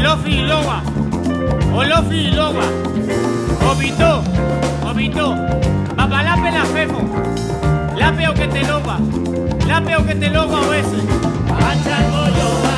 Olofi Loba, Olofi Loba, Obito, Obito, Papalape la Fefo, Lapeo que te loba, Lapeo que te loba o ese.